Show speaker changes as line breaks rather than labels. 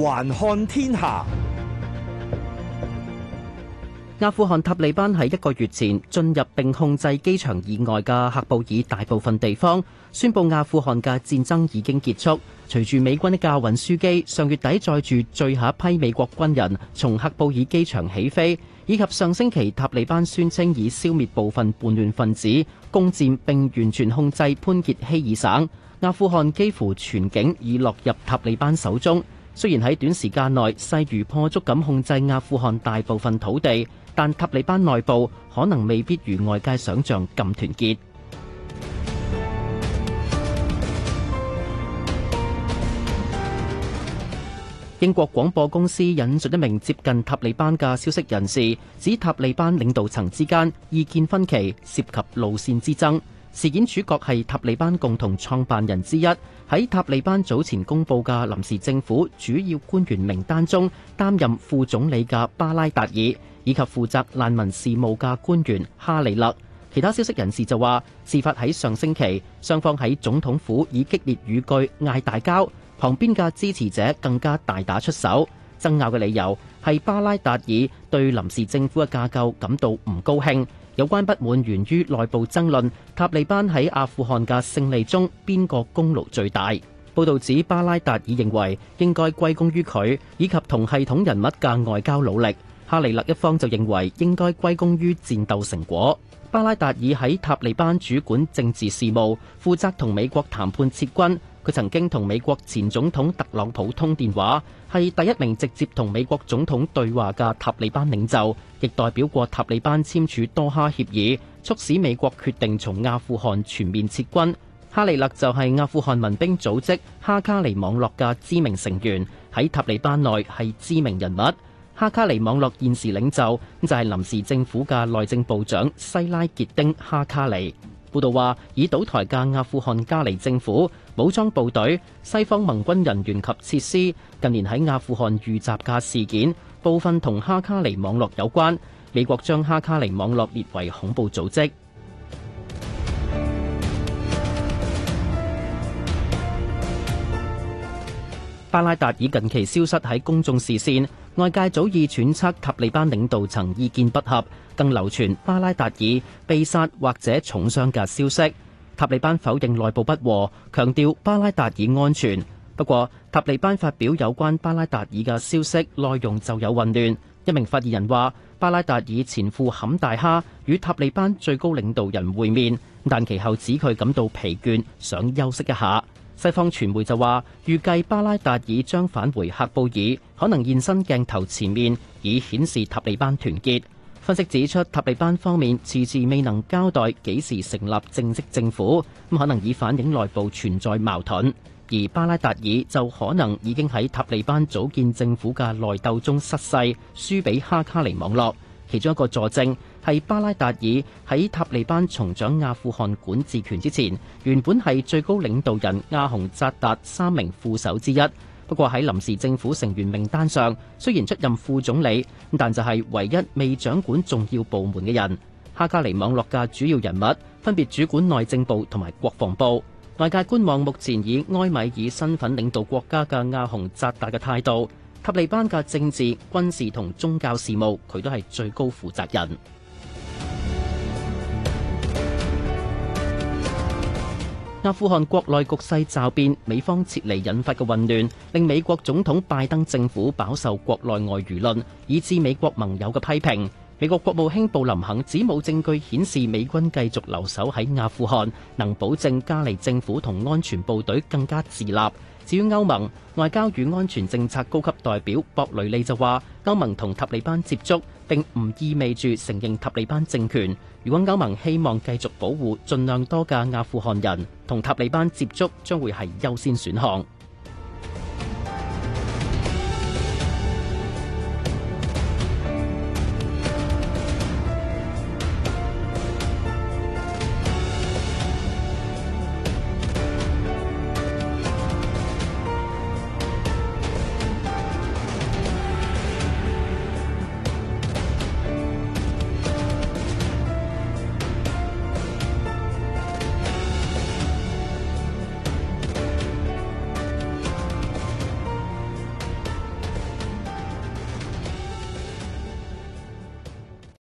環看天下，阿富汗塔利班喺一個月前進入並控制機場以外嘅喀布爾大部分地方，宣布阿富汗嘅戰爭已經結束。隨住美軍一架運輸機上月底載住最後一批美國軍人從喀布爾機場起飛，以及上星期塔利班宣稱已消滅部分叛亂分子，攻佔並完全控制潘傑希爾省，阿富汗幾乎全境已落入塔利班手中。雖然喺短時間內勢如破竹咁控制阿富汗大部分土地，但塔利班內部可能未必如外界想像咁團結。英國廣播公司引述一名接近塔利班嘅消息人士，指塔利班領導層之間意見分歧，涉及路線之爭。事件主角係塔利班共同創辦人之一，喺塔利班早前公布嘅臨時政府主要官員名單中擔任副總理嘅巴拉達爾，以及負責難民事務嘅官員哈里勒。其他消息人士就話，事發喺上星期，雙方喺總統府以激烈語句嗌大交，旁邊嘅支持者更加大打出手。爭拗嘅理由係巴拉達爾對臨時政府嘅架構感到唔高興。有關不滿源於內部爭論，塔利班喺阿富汗嘅勝利中邊個功勞最大？報導指巴拉達爾認為應該歸功於佢以及同系統人物嘅外交努力，哈尼勒一方就認為應該歸功於戰鬥成果。巴拉達爾喺塔利班主管政治事務，負責同美國談判撤軍。佢曾經同美國前總統特朗普通電話，係第一名直接同美國總統對話嘅塔利班領袖，亦代表過塔利班簽署多哈協議，促使美國決定從阿富汗全面撤軍。哈利勒就係阿富汗民兵組織哈卡尼網絡嘅知名成員，喺塔利班內係知名人物。哈卡尼網絡現時領袖就係臨時政府嘅內政部長西拉傑丁·哈卡尼。報導話，已倒台嘅阿富汗加尼政府、武裝部隊、西方盟軍人員及設施，近年喺阿富汗遇襲嘅事件，部分同哈卡尼網絡有關。美國將哈卡尼網絡列為恐怖組織。巴拉達爾近期消失喺公眾視線。外界早已揣測塔利班領導層意見不合，更流傳巴拉達爾被殺或者重傷嘅消息。塔利班否認內部不和，強調巴拉達爾安全。不過塔利班發表有關巴拉達爾嘅消息內容就有混亂。一名發言人話：巴拉達爾前赴坎大哈與塔利班最高領導人會面，但其後指佢感到疲倦，想休息一下。西方傳媒就話，預計巴拉達爾將返回喀布爾，可能現身鏡頭前面，以顯示塔利班團結。分析指出，塔利班方面遲遲未能交代幾時成立正式政府，咁可能已反映內部存在矛盾。而巴拉達爾就可能已經喺塔利班組建政府嘅內鬥中失勢，輸俾哈卡尼網絡，其中一個佐證，係巴拉達爾喺塔利班重掌阿富汗管治權之前，原本係最高領導人阿洪扎達三名副手之一。不過喺臨時政府成員名單上，雖然出任副總理，但就係唯一未掌管重要部門嘅人。哈加尼網絡嘅主要人物分別主管內政部同埋國防部。外界觀望目前以埃米爾身份領導國家嘅阿洪扎達嘅態度，塔利班嘅政治、軍事同宗教事務，佢都係最高負責人。阿富汗國內局勢驟變，美方撤離引發嘅混亂，令美國總統拜登政府飽受國內外輿論，以致美國盟友嘅批評。美國國務卿布林肯指冇證據顯示美軍繼續留守喺阿富汗，能保證加尼政府同安全部隊更加自立。至於歐盟外交與安全政策高級代表博雷利就話，歐盟同塔利班接觸，並唔意味住承認塔利班政權。如果歐盟希望繼續保護盡量多嘅阿富汗人，同塔利班接觸將會係優先選項。